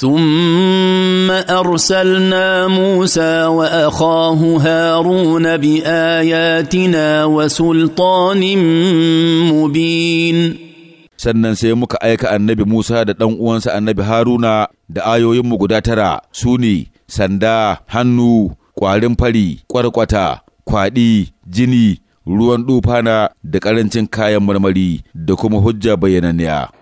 ثم ارسلنا موسى واخاه هارون باياتنا وسلطان مبين sannan sai muka aika annabi Musa da ɗan uwansa annabi Haruna da ayoyinmu guda tara su ne sanda, hannu, ƙwarin fari, ƙwarƙwata, kwaɗi, jini, ruwan ɗufana da ƙarancin kayan marmari da kuma hujja bayyananniya.